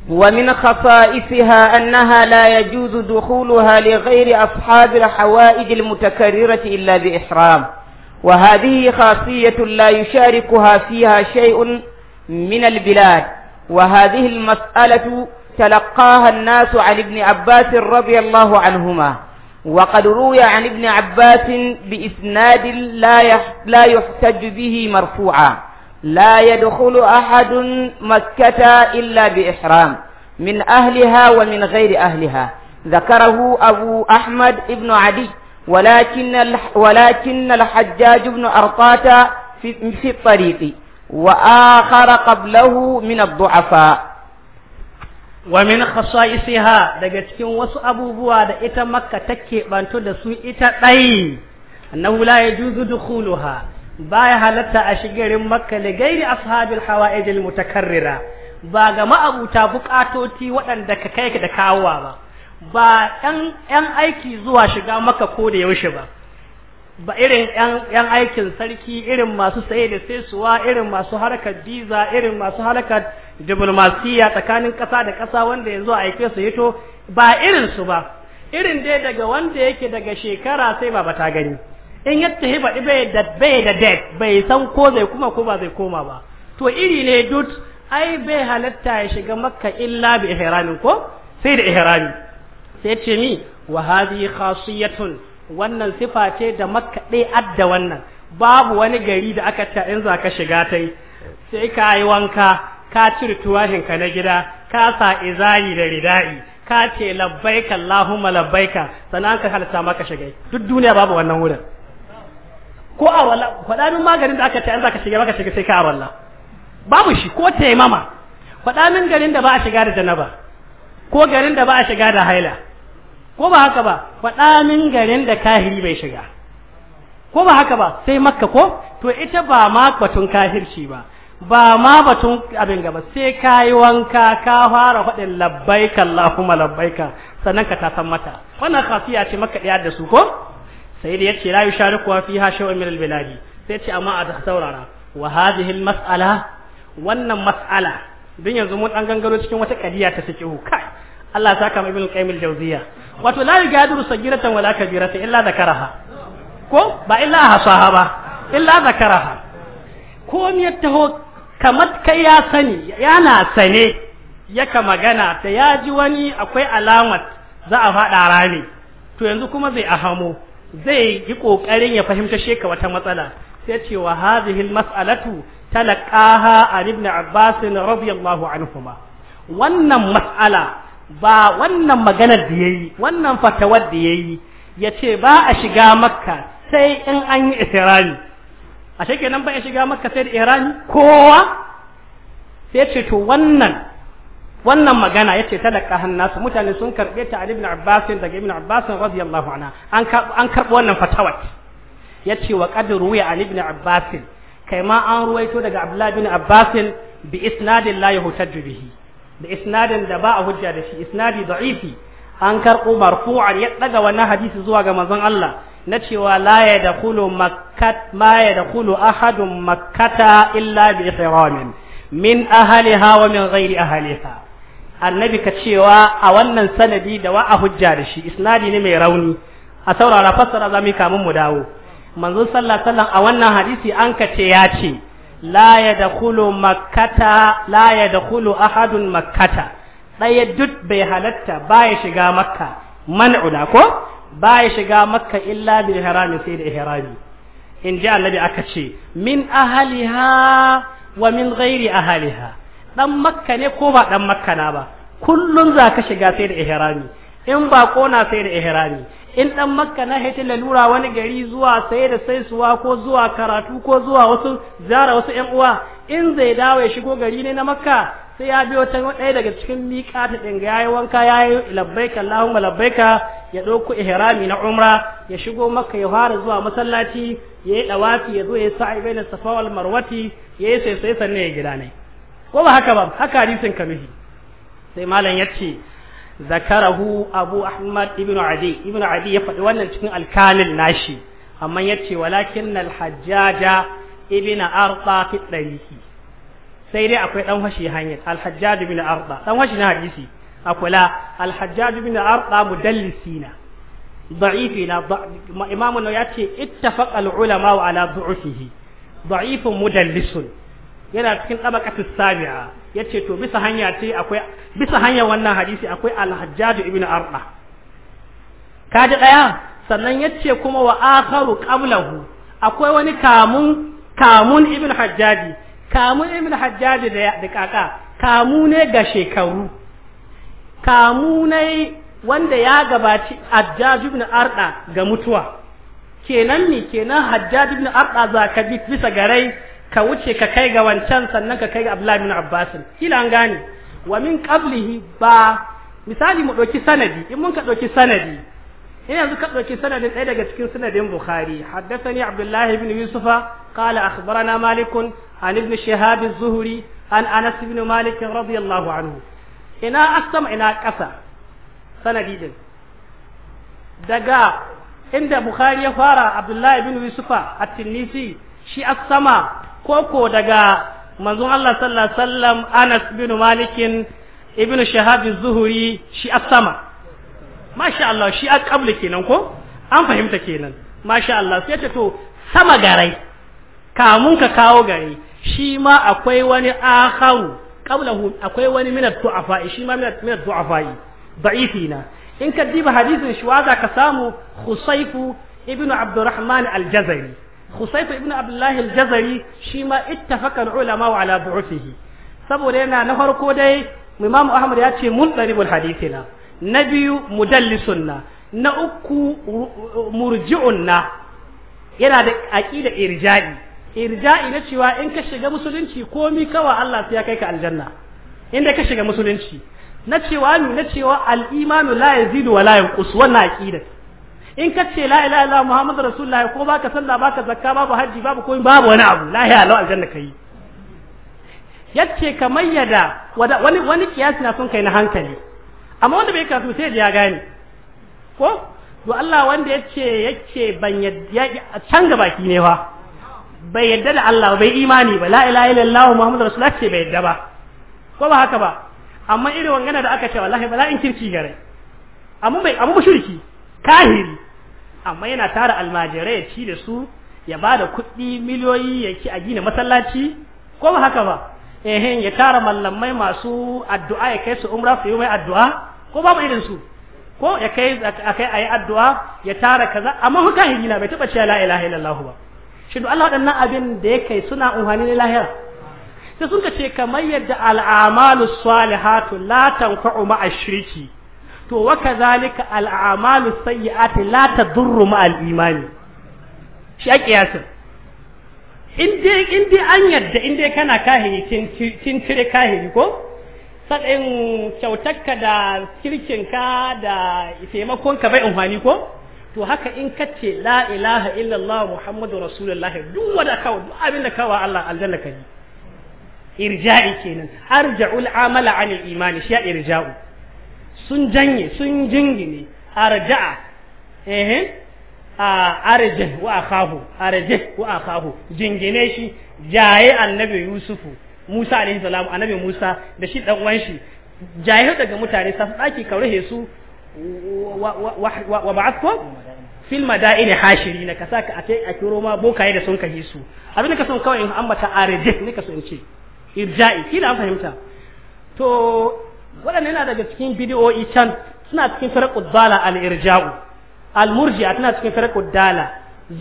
ومن خصائصها أنها لا يجوز دخولها لغير أصحاب الحوائج المتكررة إلا بإحرام وهذه خاصية لا يشاركها فيها شيء من البلاد وهذه المسألة تلقاها الناس عن ابن عباس رضي الله عنهما وقد روي عن ابن عباس بإسناد لا لا يحتج به مرفوعا لا يدخل أحد مكة إلا بإحرام من أهلها ومن غير أهلها ذكره أبو أحمد ابن عدي ولكن الح... ولكن الحجاج بن أرطاة في, في الطريق وآخر قبله من الضعفاء ومن خصائصها daga cikin wasu abubuwa da ita maka take banto da su ita dai annahu la yajuzu dukhuluha baya halatta a shigarin makka da gairi ashabil hawaij al mutakarrira ba ga ma'abuta bukatoti waɗanda ka kai da kawowa ba ba ‘yan aiki zuwa shiga maka ko da yaushe ba, ba irin ‘yan aikin sarki, irin masu saye da saisuwa, irin masu harkar biza, irin masu harkar diplomasiya tsakanin ƙasa da ƙasa wanda yanzu a aike su hito, ba irin su ba, irin dai daga wanda yake daga shekara sai ba ta gani. In yadda hiba bai da bai bai san ko zai kuma ko ba zai koma ba. To iri ne dut, ai bai halatta ya shiga makka illa bi ihramin ko? Sai da ihrami. sai ce mi wa hadhihi khasiyatun wannan sifa ce da makka dai adda wannan babu wani gari da aka ta in ka shiga tai sai ka yi wanka ka cire tuwahin ka na gida ka sa izari da ridai ka ce labbaika allahumma labbaika sannan ka halatta maka shiga duk duniya babu wannan wurin ko a walla kwadanin maganin da aka ta in ka shiga maka shiga sai ka a walla babu shi ko taimama kwadanin garin da ba a shiga da janaba ko garin da ba a shiga da haila ko ba haka ba faɗa min garin da kahiri bai shiga ko ba haka ba sai makka ko to ita ba ma batun kahirci ba ba ma batun abin gaba sai ka yi wanka ka fara faɗin labbaika Allahumma labbaika sannan ka ta san mata wannan kafiya ce maka ɗaya da su ko sai da yace la yushariku fi ha shay'un min al-biladi sai ce amma a saurara wa hadhihi al-mas'ala wannan mas'ala bin yanzu mun dan gangaro cikin wata kadiya ta fiqhu kai Allah ya saka ibn qayyim al-jawziya wato la yagadiru sagiratan wala kabiratan illa zakaraha ko ba illa hasaha ba illa zakaraha ko ya taho kamar kai ya sani yana sane yaka magana ta ya ji wani akwai alamat za a faɗa rami to yanzu kuma zai ahamo zai yi ƙoƙarin ya fahimta sheka wata matsala sai ce wa hadhihi almas'alatu talaqaha an ibn abbas radiyallahu anhuma wannan mas'ala ba wannan maganar da ya yi wannan fatawar da ya yi ya ce ba a shiga makka sai in an yi isirani a nan ba a shiga makka sai da irani kowa sai ce to wannan wannan magana ya da talaka su mutane sun karbe ta Ali ibn daga ibn Abbasin radiyallahu anha an an karɓi wannan ya ce wa qad ruwiya Ali ibn kai ma an ruwaito daga Abdullahi ibn Abbasin bi isnadin la yuhtaju bihi da isnadin da ba a hujja da shi isnadi da'ifi an karɓo marfu'an ya daga wannan hadisi zuwa ga manzon Allah na cewa la ya dakhulu makkat ma ya dakhulu ahadun makkata illa bi ihramin min ahliha wa min ghairi ahliha annabi ka cewa a wannan sanadi da wa a hujja da shi isnadi ne mai rauni a saurara fassara zamu kamun mu dawo manzon sallallahu alaihi wasallam a wannan hadisi an kace ya ce la ya makkata la a ahadun makkata ɗaya duk bai halatta ba ya shiga makka man'una ko ba ya shiga makka illa bil harami sai da ihrami in ji annabi aka ce min ahaliha wa min ghairi ahaliha dan makka ne ko ba ɗan makka na ba kullum za ka shiga sai da ihrami in ba kona sai da ihrami in ɗan makka na haiti lalura wani gari zuwa saye da saisuwa ko zuwa karatu ko zuwa wasu zara wasu yan uwa in zai dawo ya shigo gari ne na makka sai ya biyo ta ɗaya daga cikin miƙa ta ɗin ya yi wanka ya yi labbaika Allahumma labbaika ya ɗauko ihrami na umra ya shigo makka ya fara zuwa masallaci ya yi ɗawafi ya zo ya sa'i bai na safa marwati ya yi sai sai sannan ya gida ne ko ba haka ba haka hadisin kamihi sai malam ya ce zakarahu abu ahmad ibnu adi ibnu adi ya faɗi wannan cikin alkalin nashi amma yace walakin al-hajjaja ibnu arda fi dariqi sai dai akwai ɗan fashi hanyar al-hajjaj ibnu arda ɗan fashi na hadisi akula al-hajjaj ibnu arda mudallisina ضعيف لا امامنا ياتي اتفق العلماء على ضعفه ضعيف مدلس yana cikin tabaqatu ya yace to bisa hanya ce akwai bisa hanya wannan hadisi akwai al-hajjaj ibn arda kaji ɗaya sannan yace kuma wa akharu qablahu akwai wani kamun kamun ibn hajjaji kamun ibn hajjaji da da kaka kamu ne ga shekaru kamu ne wanda ya gabaci hajjaj ibn arda ga mutuwa kenan ne kenan hajjaj ibn arda ka bisa garai ka wuce ka kai ga wancan sannan ka kai ga Abdullahi bin Abbas kila an gane wa min qablihi ba misali mu ɗauki sanadi in mun ka ɗauki sanadi in yanzu ka ɗauki sanadin ɗaya daga cikin sanadin Bukhari haddathani Abdullahi bin Yusufa qala akhbarana Malik an ibn Shihab az-Zuhri an Anas ibn Malik radiyallahu anhu ina asam ina kasa sanadi din daga inda Bukhari ya fara Abdullahi bin Yusufa at-Tinnisi shi as-sama koko daga manzon Allah sallallahu alaihi wasallam Anas bin Malikin ibn Shahab Zuhuri shi as-sama masha Allah shi a kenan ko an fahimta kenan masha Allah sai ta to sama garai kamun ka kawo gari shi ma akwai wani akharu qablahu akwai wani minat du'afa shi ma minat minat du'afa da'ifina na in ka diba hadisin shi waza ka samu Khusayfu ibn Abdurrahman al-Jazari Khusayfa ibn Abdullahi al-Jazari shi ma ittafaqa al-ulama ala saboda yana na farko dai Imam Ahmad ya ce mun daribul hadithina na biyu mudallisunna na uku murji'unna yana da aqida irja'i irja'i na cewa in ka shiga musulunci komi kawa Allah sai ya kai ka aljanna inda ka shiga musulunci na cewa na cewa al-imanu la yazidu wa la yanqus wannan aqida in ka ce la ilaha illallah muhammadur rasulullah ko baka sallah baka zakka babu hajji babu koyi babu wani abu lahi lawa aljanna kai yace ka mayyada wani wani kiyasi na son kai na hankali amma wanda bai kasu sai ya gane ko to Allah wanda yace yace ban yadda a can gaba baki ne fa bai yadda da Allah bai imani ba la ilaha illallah muhammadur rasulullah ce bai yadda ba ko ba haka ba amma irin wangana da aka ce wallahi ba la in kirki gare amma bai amma mushriki kahiri amma yana tara almajirai ya ci da su ya ba da kuɗi miliyoyi ya ci a gina masallaci ko ba haka ba ya tara mallamai masu addu'a ya kai su umra su yi mai addu'a ko ba mu irin su ko ya kai a kai ayi addu'a ya tara kaza amma ya gina bai taba cewa la ilaha illallah ba shi da Allah wadannan abin da ya kai suna umhani ne lahira sai sun ce kamar yadda al'amalu salihatu la tanfa'u a shirki to wa kazalika al'amalu sayyi'ati la tadurru ma'al imani shi ake yasin in an yadda inda kana kahiri kin cire kahiri ko sadin kyautarka da kirkinka da taimakonka bai amfani ko to haka in kace la ilaha illallah muhammadu rasulullah duk wanda kawo duk abin da kawo Allah aljanna kaji irja'i kenan arja'ul amala anil imani shi ya irja'u sun janye sun jingine arja'a eh a arje wa akahu arje wa akahu jingine shi jaye annabi yusufu musa alayhi salam annabi musa da shi dan uwan shi jaye daga mutane sa daki kaurehe su wa ba'atkum fil madaini hashirina ka saka ake a kiro ma bokaye da sun kaje su abin da ka son kawai in ambata arje ne ka son in ce irja'i kila an fahimta to waɗanda yana daga cikin bidiyoyi can suna cikin fara dala al almurji a murji'a tana cikin fara dala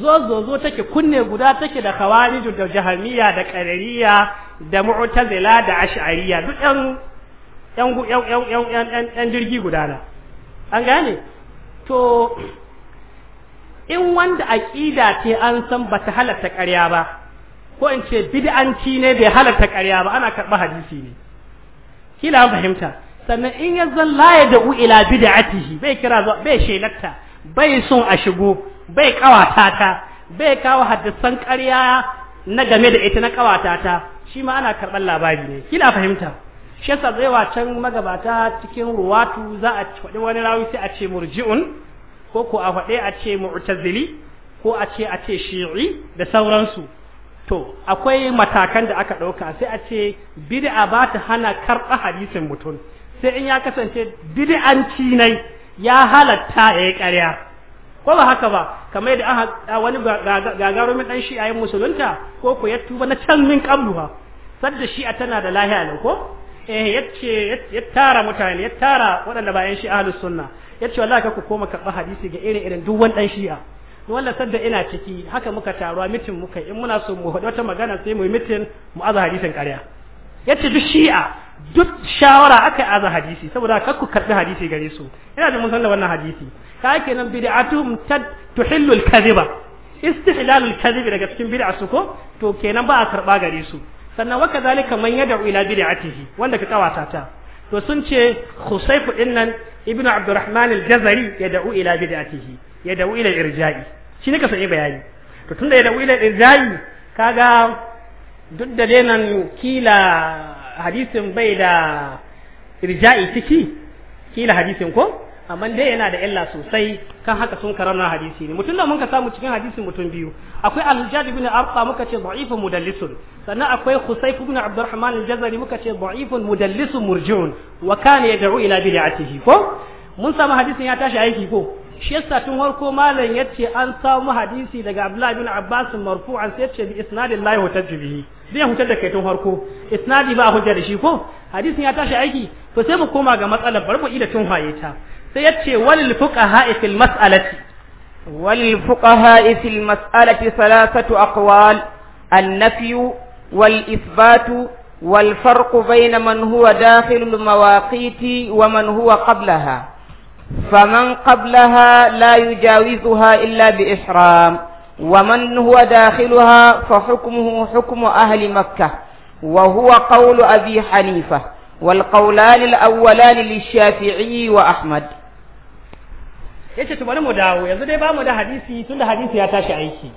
zo zo zo take kunne guda take da khawariju da jahamiya da ƙarariya da mu'tazila da ash'ariya duk yan yan jirgi gudana an gane to in wanda aƙida ce an san ba ta halarta ƙarya ba ko in ce bid'anci ne bai halarta ƙarya ba ana karɓa hadisi ne kila fahimta sannan in ya zan laye da u ila atihi bai kira zuwa bai shelatta bai son a shigo bai kawata ta bai kawo haddasan karya na game da ita na kawata ta shi ma ana karɓar labari ne kila fahimta shi yasa zai wacan magabata cikin ruwatu za a faɗi wani rawi sai a ce murji'un ko ko a faɗe a ce mu'tazili ko a ce a ce shi'i da sauransu to akwai matakan da aka ɗauka sai a ce bid'a ba ta hana karɓa hadisin mutum sai in ya kasance bid'anci ne ya halatta ya yi ƙarya ko ba haka ba kamar yadda wani gagarumin dan shi'a yin musulunta ko ku ya tuba na can min kabluha sadda shi'a tana da lahiya ne ko eh yace ya tara mutane ya tara waɗanda bayan shi shi'a ahlus sunna yace wallahi ka ku koma karba hadisi ga irin irin duk wani dan shi'a wannan sadda ina ciki haka muka taruwa mitin muka in muna so mu haɗu wata magana sai mu yi mitin mu aza hadisin ƙarya yace duk shi'a duk shawara aka aza hadisi saboda kar ku karbi hadisi gare su ina da mun san wannan hadisi ka kenan bid'atuhum tad tuhillu al-kadhiba istihlalul kadhibi daga cikin bid'a su ko to kenan ba a karba gare su sannan waka zalika man yad'u ila bid'atihi wanda ka kawata ta to sun ce khusayfu dinnan ibnu abdurrahman al-jazari yad'u ila bid'atihi yad'u ila irja'i shi ne ka sanya bayani to tunda yad'u ila irja'i kaga duk da dai nan kila hadisin bai da irja'i ciki kila hadisin ko amma dai yana da illa sosai kan haka sun karanta hadisi ne mutum da mun ka samu cikin hadisin mutum biyu akwai al-hujjaj bin arqa muka ce da'ifun mudallisun sannan akwai husayf bin abdurrahman al-jazari muka ce da'ifun mudallisun murji'un wa kana yad'u ila bid'atihi ko mun samu hadisin ya tashi aiki ko shi yasa tun farko malam yace an samu hadisi daga abdullah bin abbas marfu'an sai yace bi isnadin la yuhtaj bihi zai hutar da kai tun farko isnadi ba a hujja da shi ko hadisin ya tashi aiki to sai mu koma ga matsalar bar mu ida tun haye ta sai yace walil fuqaha fil mas'alati walil fuqaha fil mas'alati salasatu aqwal an-nafy wal ithbat wal farq bayna man huwa dakhil al mawaqit wa man huwa qablaha faman qablaha la yujawizuha illa bi ومن هو داخلها فحكمه حكم أهل مكة وهو قول أبي حنيفة والقولان الأولان للشافعي وأحمد yace to bari mu dawo yanzu dai bamu da hadisi tunda hadisi ya tashi aiki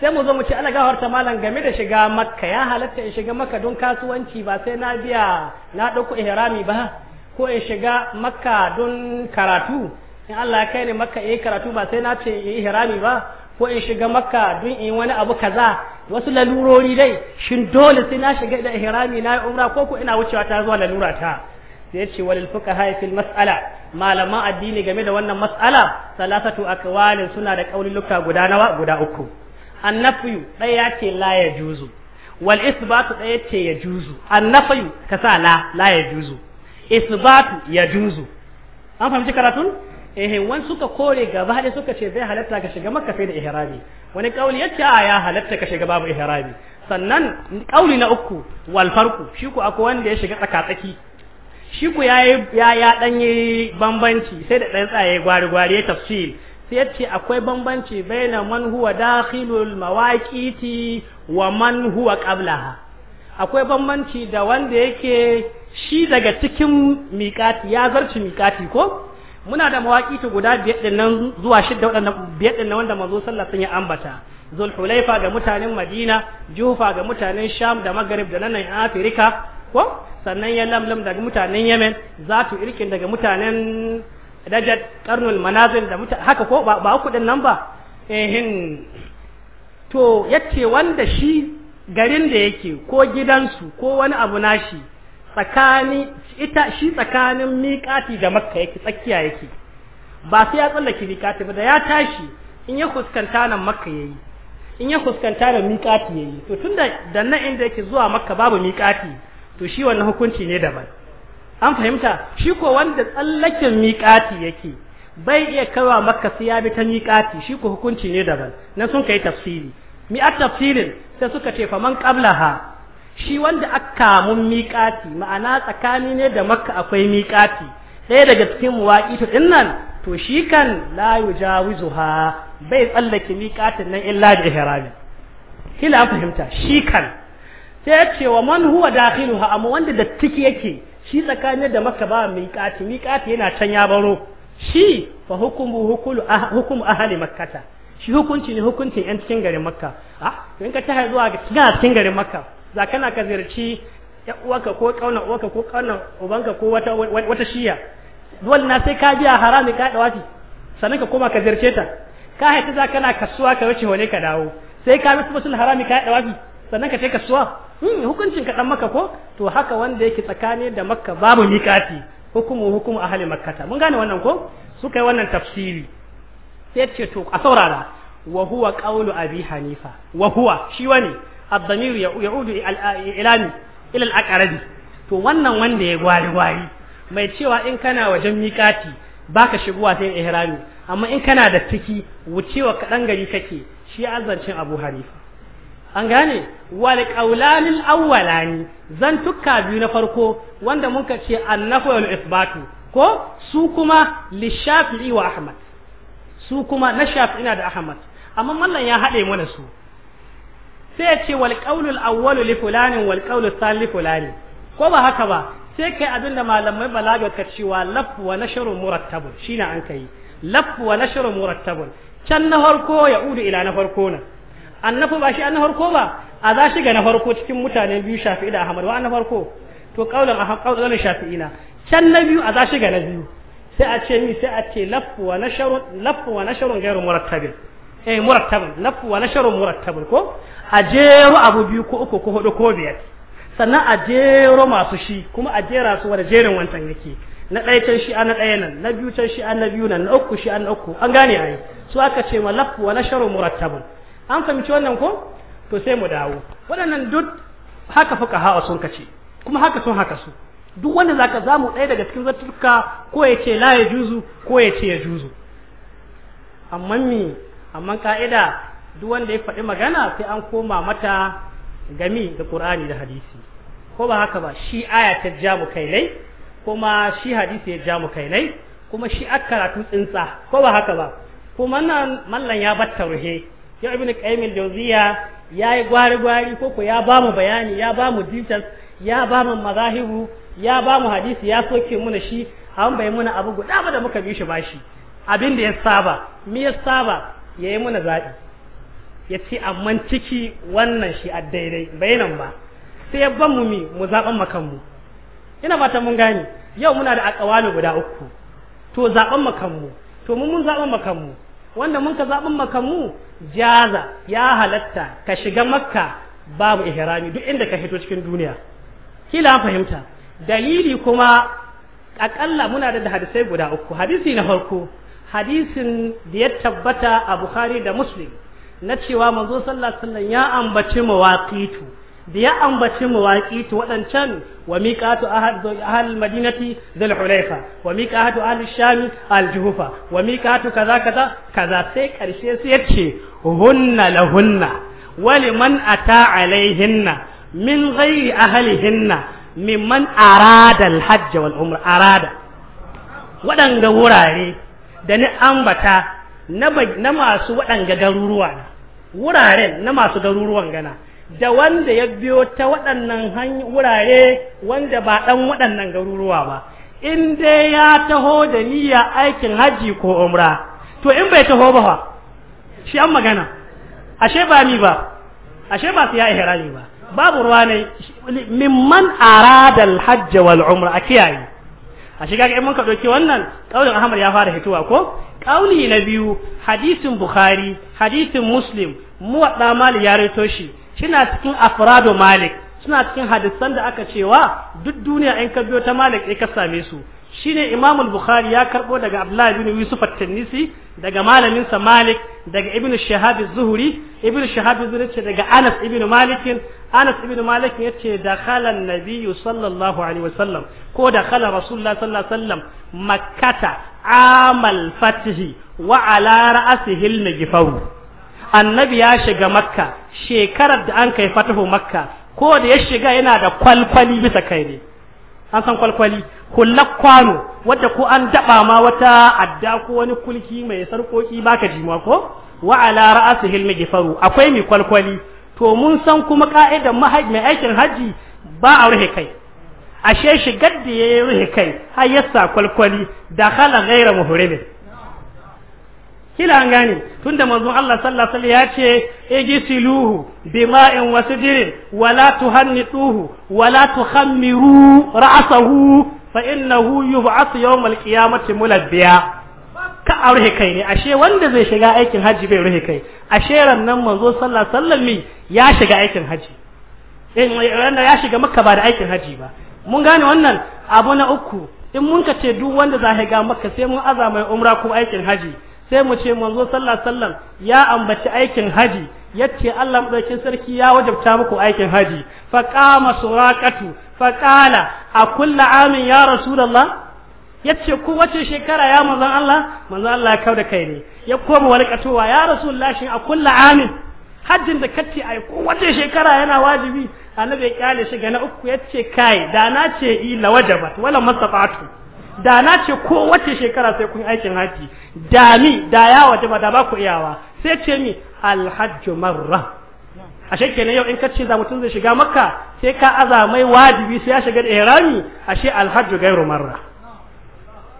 sai mu zo mu ci alaga harta malam game da shiga makka ya halatta in shiga makka don kasuwanci ba sai na biya na dauko ihrami ba ko in shiga makka don karatu in Allah ya kai ni makka eh karatu ba sai na ce ihrami ba ko in shiga makka don in wani abu kaza wasu lalurori dai shin dole sai na shiga da ihrami na umra ko ko ina wucewa ta zuwa lalura ta sai ya ce walil fuqaha fil mas'ala malaman addini game da wannan mas'ala salasatu aqwalin suna da luka guda nawa guda uku annafyu dai ya la ya juzu wal isbatu dai ya ce ya juzu annafyu kasala la la ya juzu isbatu ya juzu an fahimci karatun eh wan suka kore gaba da suka ce bai halatta ka shiga makka sai da ihrami wani kauli yace a ya halatta ka shiga babu ihrami sannan kauli na uku wal shiku shi ku akwai wanda ya shiga tsakatsaki shi ku ya ya ya yi bambanci sai da dan tsaye gwari gwari ya tafsil sai yace akwai bambanci baina man huwa dakhilul mawaqiti wa man huwa qablaha akwai bambanci da wanda yake shi daga cikin miqati ya zarci miƙati ko muna da mawaƙi guda biyar din nan zuwa shidda waɗannan biyar din nan wanda manzo alaihi sun yi ambata zulhulaifa ga mutanen madina jufa ga mutanen sham da magharib da nan Afirika ko sannan ya lamlam daga mutanen yemen zatu irkin daga mutanen dajat karnul manazil da muta haka ko ba uku din nan ba ehin to yace wanda shi garin da yake ko gidansu ko wani abu nashi tsakani ita shi tsakanin miƙati da makka yake tsakiya yake ba sai ya tsallake miƙati ba da ya tashi in ya fuskanta nan makka yayi in ya fuskanta nan miƙati yayi to tunda da nan inda yake zuwa makka babu miƙati to shi wannan hukunci ne daban an fahimta shi ko wanda tsallaken miƙati yake bai iya kawa makka sai ya bi ta miƙati shi ko hukunci ne daban nan sun kai tafsiri mi tafsirin sai suka ce faman qablaha shi wanda aka mun miƙati ma'ana tsakani ne da maka akwai miƙati ɗaya daga cikin to ɗin nan to shi kan la yujawizuha bai tsallake miƙatin nan illa da ihrami kila an fahimta shi kan sai ya ce wa man huwa dakhiluha amma wanda da tiki yake shi tsakanin da makka ba miƙati miƙati yana can ya baro shi fa hukumu hukulu ah, hukum ahli makkata shi hukunci ne hukuncin yan cikin garin makka a ah, in ka ta zuwa ga cikin garin makka za kana ka ziyarci ya ko kauna uwanka ko kauna ubanka ko wata wata shiya dole na sai ka biya harami ka ɗawaki? sannan ka koma ka ziyarce ta ka haita za kana kasuwa ka wuce wane ka dawo sai ka bi musul harami ka dawafi sannan ka je kasuwa hmm hukuncin ka dan maka ko to haka wanda yake tsakani da makka babu mikati hukumu hukumu ahli makkata mun gane wannan ko suka yi wannan tafsiri sai ce to a saurara wa huwa qawlu abi hanifa wa huwa shi wani الضمير يعود إلى الى الأقرب to wannan wanda ya gwari gwari mai cewa in kana wajen miƙati baka shigowa sai ihrami amma in kana da tiki wucewa kaɗan gari kake shi azancin Abu Hanifa an gane wal qawlanil awwalani zan tukka biyu na farko wanda mun ka ce annahu wal isbatu ko su kuma li shafi'i wa ahmad su kuma na shafi'i da ahmad amma mallan ya haɗe mana su sai ya ce wal awwalu li fulanin wal qawlu thani fulani ko ba haka ba sai kai abinda malamai balaga ka cewa laf wa nashrun murattabun shi an kai laf wa nashrun murattabun can na farko ya udu ila na farko na annabi ba shi an na farko ba a za shi ga na farko cikin mutane biyu shafi da ahmad wa an na farko to a ahmad qaulan shafi'ina can na biyu a za shi ga na biyu sai a ce mi sai a ce laf wa nashrun laf wa nashrun ghairu murattabin eh murattabin laf wa nashrun murattabin ko a jero abu biyu ko uku ko hudu ko biyar sannan a jero masu shi kuma a jera su wani jerin wancan yake na ɗaya can shi na ɗaya nan na biyu can shi na biyu nan na uku shi na uku an gane ai su aka ce ma lafu wani sharo murattabun an fahimci wannan ko to sai mu dawo waɗannan duk haka fuka hawa sun kace kuma haka sun haka su duk wanda zaka zamu ɗaya daga cikin zartuka ko ya ce la ya juzu ko ya ce ya juzu amma mi amma ka'ida duk wanda ya faɗi magana sai an koma mata gami da Qur'ani da hadisi ko ba haka ba shi aya ta ja mu kai nai kuma shi hadisi ya ja mu kai nai kuma shi aka karatu tsintsa ko ba haka ba kuma nan mallan ya batta ruhe ya ibn qayyim al-jawziya yayi gwari gwari ko ko ya bamu bayani ya bamu details ya bamu mazahibu ya bamu hadisi ya soke muna shi an bai muna abu guda ba da muka bi shi bashi abin da ya saba me ya saba yayi muna zabi ya ce amma ciki wannan shi a daidai bayanan ba sai ban mu mi mu zaɓen makanmu ina ta mun gane yau muna da akawali guda uku to zaɓen makanmu to mun mun zaɓen makanmu wanda mun ka zaɓen makanmu jaza ya halatta ka shiga makka babu ihrami duk inda ka hito cikin duniya kila fahimta dalili kuma akalla muna da hadisai guda uku hadisi na farko hadisin da ya tabbata a Bukhari da Muslim na cewa manzo sallallahu alaihi wasallam ya ambaci mawaqitu da ya ambaci mawaqitu wadancan wa miqatu ahad ahal madinati dhul hulaifa wa miqatu ahal sham al juhufa wa miqatu kaza kaza kaza sai karshe sai yace hunna lahunna wa liman ata alaihinna min ghairi ahlihinna mimman arada al hajj wal umra arada waɗanga wurare da ni ambata na masu waɗanga garuruwa wuraren na masu garuruwan gana da wanda ya biyo ta waɗannan wurare wanda ba ɗan waɗannan garuruwa ba in dai ya taho da niyya aikin hajji ko umra to in bai taho ba fa shi an magana ashe ba ni ba ashe ba su ya ihrami ba babu ruwa ne mimman arada al wal umra a kiyaye a shiga ga mun ka wannan kaulin Ahmad ya fara hituwa ko kauli na biyu hadisin Bukhari hadisin Muslim muwadda Malik ya rito shi suna cikin Afrado Malik suna cikin hadisan da aka cewa duk duniya an ka ta Malik sai ka same su shine Imam bukhari ya karbo daga Abdullah bin Yusuf at tanisi daga malamin sa Malik daga Ibn Shahab az-Zuhri Ibn Shahab az-Zuhri daga Anas ibnu Malik Anas ibn Malik yace da khalan nabiyyu sallallahu alaihi wasallam ko khala Rasulullah sallallahu alaihi wasallam Makkata amal fatihi wa ala ra'sihi al-najfaw Annabi ya shiga Makka shekarar da an kai fatahu Makka ko da ya shiga yana da kwalkwali bisa kai ne an san kwalkwali kullar kwano wadda ko an daba ma wata adda ko wani kulki mai sarkoki baka jima ko wa ala ra'sihi al-najfaw akwai mi kwalkwali to mun san kuma ka'idar mai aikin hajji ba a ruhe kai ashe shigar da ya yi ruhe kai har ya sa kwalkwali da khala ghaira muhrimin kila an gane tunda mazun Allah sallasalli ya ce ma'in wasu dirin wala tu hannu tuhannituhu wala tu tukhammiru ra'asahu fa innahu yi yawm mace mula mulabbiya ka a ruhe kai ne ashe wanda zai shiga aikin hajji bai ruhe kai ashe ran nan manzo sallallahu ya shiga aikin haji eh, wanda ya shiga makka ba da aikin haji ba mun gane wannan abu na uku in mun ka ce duk wanda za ga makka sai mun aza mai umra ko aikin haji sai mu ce manzo sallallahu alaihi wasallam ya ambaci aikin haji yace Allah madaukin sarki ya wajabta muku aikin haji fa qama suraqatu fa qala a kullu amin ya rasulullah yace ku wace shekara ya manzon Allah manzon Allah ya kauda kai ne ya koma wani ya rasulullah shin a kullu amin hajjin da kacce ai ko wace shekara yana wajibi annabi ya kyale shi ga na uku yace kai da na ce ila wajabat wala mastata'tu da na ce ko wace shekara sai kun aikin haji da ni da ya wajaba da ba ku iyawa sai ce ni alhajju marra ashe kenan yau in ka za da zai shiga makka sai ka aza mai wajibi sai ya shiga da ihrami ashe alhajju gairu marra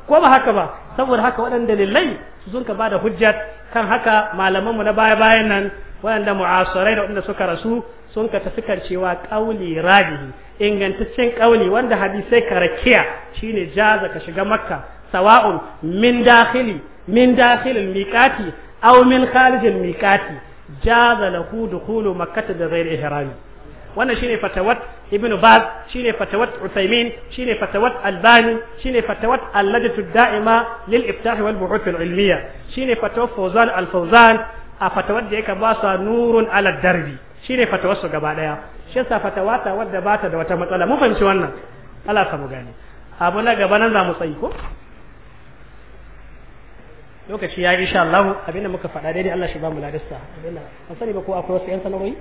ko ba haka ba saboda haka waɗanda dalilai sun ka bada hujjat kan haka malaman mu na baya bayan nan waɗanda mu'asirai da waɗanda suka rasu sun ka tafi kan cewa ƙauli rajihi ingantaccen ƙauli wanda hadisai karakiya shine jaza ka shiga makka sawa'un min dakhili min dakhilil miqati aw min kharijil miqati jaza lahu dukhulu makkata da ghairi ihrami wannan shine fatawat ibnu baz shine fatawat usaymin shine fatawat albani shine fatawat allajatu da'ima lil iftah wal buhuth al ilmiya shine fatawat fawzan al fawzan a fatawar da yake ba su nurun ala darbi shine fatawar su gaba daya shi yasa fatawa ta wadda ba ta da wata matsala mun fahimci wannan Allah samu gane abu na gaba nan za mu tsayi ko lokaci ya yi insha Allah abinda muka faɗa daidai Allah shi ba mu ladista abinda an sani ba ko akwai wasu yan sanarwoyi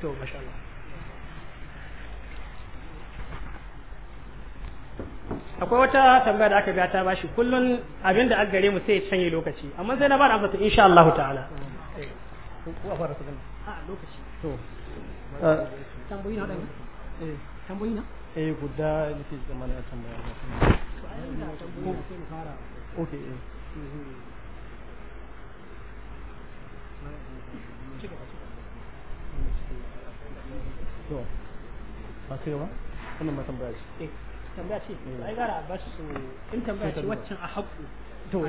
to masha Allah akwai wata tambaya da aka biya ta bashi kullun abin da aka gare mu sai ya canye lokaci amma sai na ba da amsa insha Allah ta'ala a fara a ah, lokaci to eh. na eh. na eh guda tambaya oh. eh to ba ba wannan tambaya ce mm. ai gara su in tambaya ce waccan a haƙu to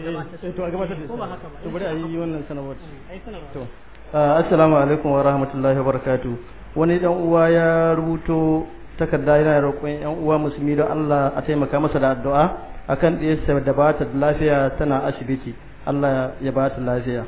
to a eh, ko ba haka ba to bari a yi wannan mm, sanarwar to uh, assalamu alaikum wa rahmatullahi wa barakatuh wani dan uwa ya rubuto takarda yana roƙon yan uwa musulmi don Allah a taimaka masa da addu'a akan ɗiyarsa da ba ta lafiya tana asibiti Allah ya ba ta lafiya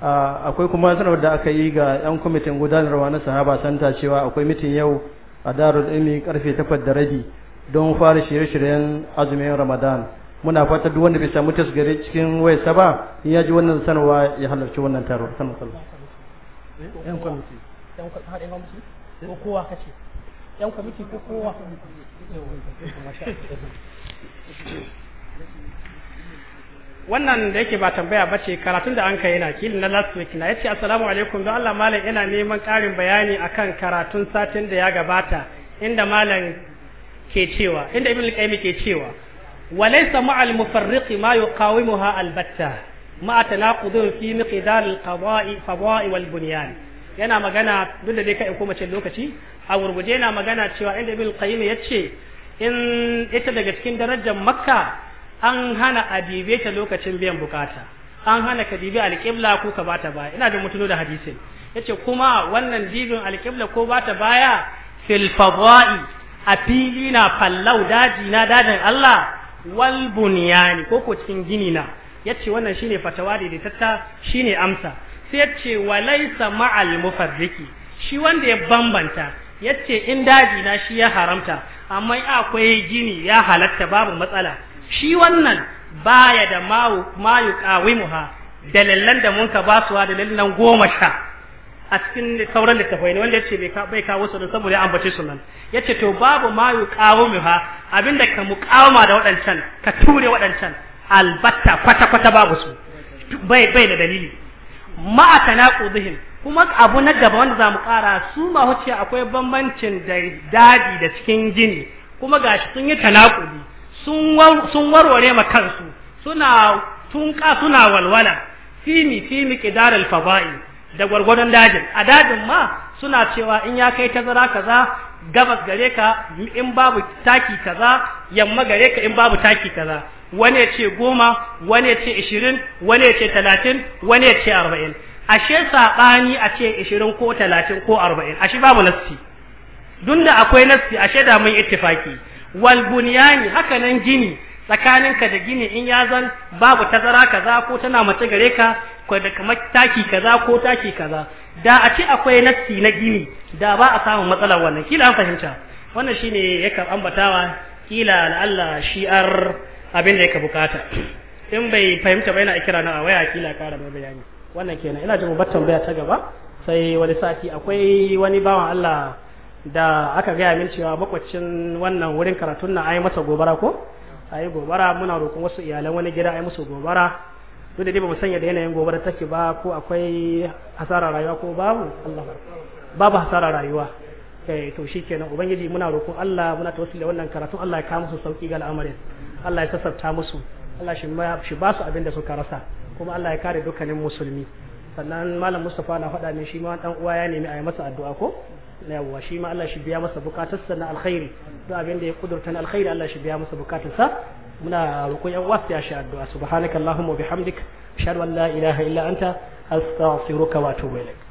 uh, akwai kuma sanarwar da aka yi ga yan kwamitin gudanarwa na sahaba santa cewa akwai mitin yau a darul ilmi karfe takwas da rabi don fara shirye-shiryen azumin ramadan muna fata duk wanda bai samu tasgari cikin wayarsa ba in ya ji wannan sanarwa ya halarci wannan taro sanin sallah yan kwamiti yan kwamiti ko kowa kace yan kwamiti ko kowa wannan da yake ba tambaya ba ce karatun da an kai yana kili na last week na yace assalamu alaikum don Allah malam ina neman karin bayani akan karatun satin da ya gabata inda malam ke cewa inda ibn al-qayyim ke cewa walaysa ma'al mufarriqi ma yuqawimuha albatta ma tanaqudun fi miqdar al-qada'i fada'i wal bunyan yana magana duk da dai kai ko mace lokaci a gurguje yana magana cewa inda ibn al-qayyim yace in ita daga cikin darajar makka an hana adibe ta lokacin biyan bukata an hana ka dibi alƙibla ko ka bata baya ina da mutuno da hadisin yace kuma wannan dibin alƙibla ko bata baya fil a fili na fallau daji na dajin Allah wal bunyani ko ko cikin gini na yace wannan shine fatawa da tatta shine amsa sai yace walaysa ma'al mufarriki shi wanda ya bambanta yace in daji na shi ya haramta amma akwai gini ya halatta babu matsala shi wannan baya da mayu mayu qawimuha dalilan da mun ka basuwa dalilan goma sha a cikin sauran littafai ne wanda ya bai bai kawo su don saboda ya ambace su nan ce to babu ma mu ha abinda ka mu ma da waɗancan ka ture waɗancan albatta kwata kwata babu su bai bai da dalili ma atanaqudhihim kuma abu na gaba wanda za mu ƙara su ma huce akwai bambancin da dadi da cikin gini kuma gashi sun yi tanaqudi sun sun warware ma kansu suna tunka suna walwala fimi fimi qidar al da gwargwadon dajin a dajin ma suna cewa in ya kai tazara kaza gabas gare ka in babu taki kaza yamma gare ka in babu taki kaza wane ce goma wane ce ishirin wane ce talatin wane ce arba'in ashe saɓani a ce ishirin ko talatin ko arba'in ashe babu nassi dun da akwai nassi ashe da mun ittifaki wal bunyani haka nan gini tsakaninka da gini in ya zan babu tazara kaza ko tana mace gare ka ko da kamar taki kaza ko taki kaza da a ce akwai nassi na gini da ba a samu matsalar wannan kila an fahimta wannan shine ka ambatawa kila shi shi'ar abin da yake bukata in bai fahimta ba yana kira na a waya kila kara mai bayani wannan kenan ina jin battan baya ta gaba sai wani sati akwai wani bawan Allah da aka gaya min cewa makwacin wannan wurin karatun na ayi masa gobara ko a gobara muna roƙon wasu iyalan wani gida a musu gobara duk da dai ba mu sanya da yanayin gobara take ba ko akwai hasara rayuwa ko babu Allah babu hasara rayuwa kai eh, to shikenan ubangiji muna roƙon Allah muna tawassuli wannan karatu Allah ya kawo musu sauki ga al'amarin Allah ya sassafta musu Allah shi shi ba su abin da suka rasa kuma Allah ya kare dukkanin musulmi sannan malam Mustafa na faɗa min shi ma dan uwa ya nemi a yi masa addu'a ko yawwa shi ma Allah shi biya masa bukatarsa na alkhairi duk abin da ya kudurta na alkhairi Allah shi biya masa bukatarsa muna roƙon yan wasu ya sha addu'a subhanakallahumma bihamdik ashhadu an la ilaha illa anta astaghfiruka wa atubu ilaik